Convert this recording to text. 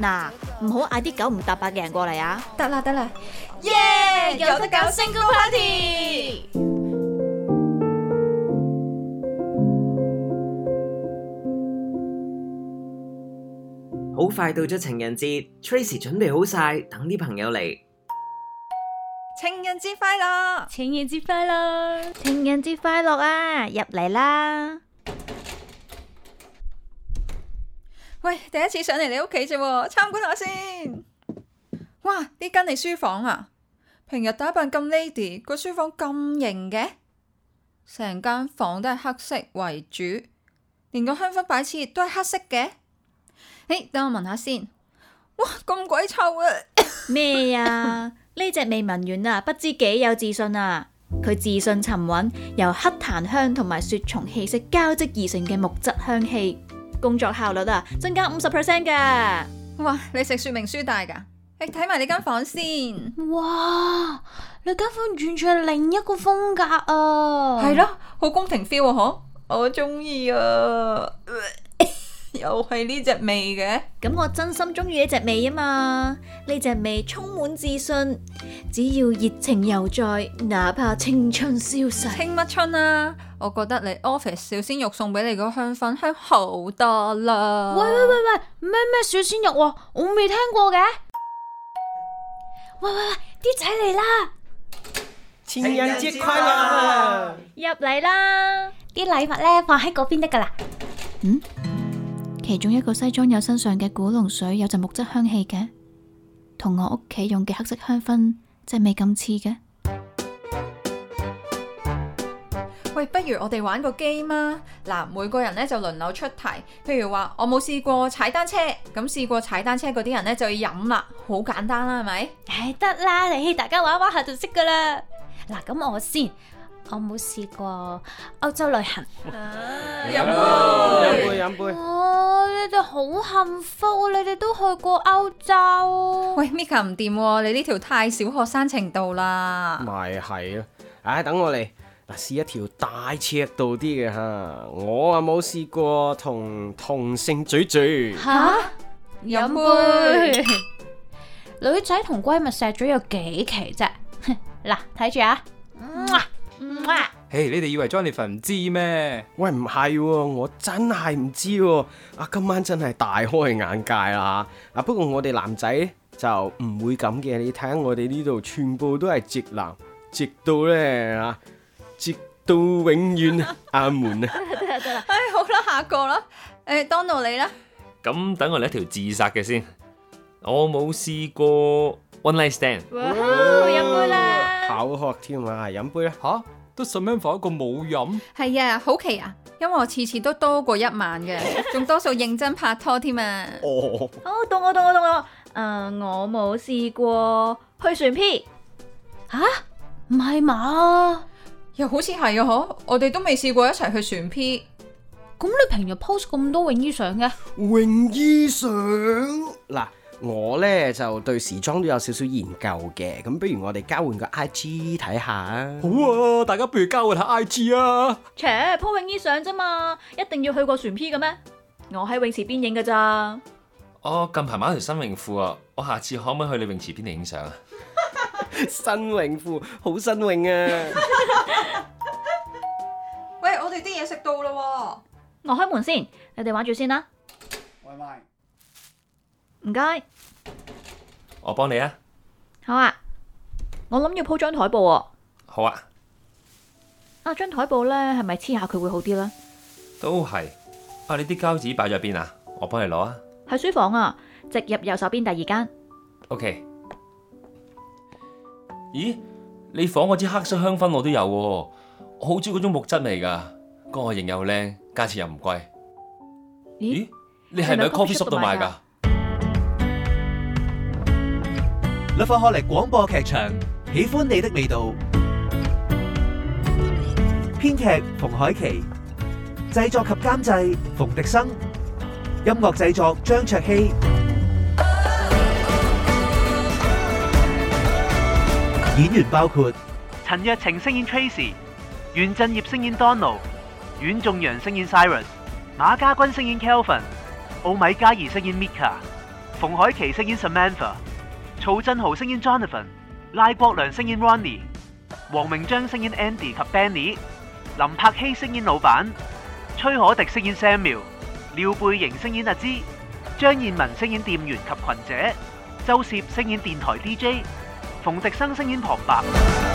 嗱，唔好嗌啲九唔搭八嘅人過嚟啊！得啦得啦，耶！Yeah! 有得搞星空 party。好快到咗情人節，Tracy 準備好晒，等啲朋友嚟。情人節快樂！情人節快樂！情人節快樂啊！入嚟啦！喂，第一次上嚟你屋企啫，參觀下先。哇，呢間你書房啊，平日打扮咁 lady，個書房咁型嘅，成間房都係黑色為主，連個香薰擺設都係黑色嘅。誒、欸，等我聞下先。哇，咁鬼臭啊！咩啊？呢 隻未聞完啊，不知幾有自信啊！佢自信沉穩，由黑檀香同埋雪松氣息交織而成嘅木質香氣。工作效率啊，增加五十 percent 嘅。哇，你食說明書大噶？你睇埋你間房間先。哇，你間房間完全係另一個風格啊。係咯，好宮廷 feel 啊，嗬，我中意啊。呃又係呢隻味嘅，咁我真心中意呢隻味啊嘛！呢隻味充滿自信，只要熱情猶在，哪怕青春消逝。青乜春啊？我覺得你 Office 小鮮肉送俾你嗰香粉香好多啦！喂喂喂喂，咩咩小鮮肉？我未聽過嘅。喂喂喂，啲仔嚟啦！情人節快樂！入嚟啦！啲禮物呢放喺嗰邊得噶啦。嗯。其中一個西裝友身上嘅古龍水有陣木質香氣嘅，同我屋企用嘅黑色香薰，真係未咁似嘅。喂，不如我哋玩個 game 啦！嗱，每個人呢就輪流出題，譬如話我冇試過踩單車，咁試過踩單車嗰啲人呢就要飲啦，好簡單啦，係咪？唉，得啦，你大家玩玩下就識噶啦。嗱，咁我先，我冇試過歐洲旅行，飲、 啊、杯，飲杯，飲杯。你哋好幸福，你哋都去過歐洲。喂，Mika 唔掂，你呢條太小學生程度啦。咪係咯，唉，等我嚟嗱，試一條大尺度啲嘅吓，我啊冇試過同同性嘴嘴。吓，飲杯。女仔同閨蜜錫嘴有幾奇啫？嗱，睇住啊。誒、hey,，你哋以為 o 利凡唔知咩？喂，唔係喎，我真係唔知喎。啊，今晚真係大開眼界啦！啊，不過我哋男仔就唔會咁嘅。你睇下我哋呢度，全部都係直男，直到咧啊，直到永遠啊門啊。得得啦。唉，好啦，下個啦。誒、哎、，Donald 你啦。咁等我嚟一條自殺嘅先。我冇試過 one night stand。飲杯啦。考學添啊，飲杯啦。吓？都十蚊 f 一個冇飲。係啊，好奇啊，因為我次次都多過一晚嘅，仲多數認真拍拖添啊！ 哦，哦，凍我凍我凍我！誒、呃，我冇試過去船 P。吓，唔係嘛？又好似係啊！嗬，我哋都未試過一齊去船 P，咁你平日 post 咁多泳衣相嘅泳衣相嗱？我咧就對時裝都有少少研究嘅，咁不如我哋交換個 I G 睇下？好啊，大家不如交換下 I G 啊！切，po 泳衣相啫嘛，一定要去過船 P 嘅咩？我喺泳池邊影㗎咋。哦，近排買咗條新泳褲啊，我下次可唔可以去你泳池邊影相啊？ 新泳褲，好新泳啊！ 喂，我哋啲嘢食到啦，我開門先，你哋玩住先啦。外賣。唔該，我幫你啊。好啊，我諗要鋪張台布啊。好啊。啊，張台布咧，係咪黐下佢會好啲啦？都係。啊，你啲膠紙擺咗喺邊啊？我幫你攞啊，啊，你啊。喺書房啊，直入右手邊第二間。OK。咦，你房嗰支黑色香薰我都有，我好中意嗰種木質嚟噶，個形又靚，價錢又唔貴。咦？你係咪喺 copy shop 度買噶？樂坊學嚟廣播劇場，喜歡你的味道。編劇馮海琪，製作及監製馮迪生，音樂製作張卓希。演員包括陳若晴飾演 Tracy，袁振業飾演 Donald，阮仲陽飾演 Siren，馬家軍飾演 Kelvin，奧米加兒飾演 Mika，馮海琪飾演 Samantha。曹振豪飾演 Jonathan，賴國良飾演 Ronnie，黃明章飾演 Andy 及 Benny，林柏希飾演老闆，崔可迪飾演 Samuel，廖貝瑩飾演阿芝，張燕文飾演店員及群姐，周攝飾演電台 DJ，馮迪生飾演旁白。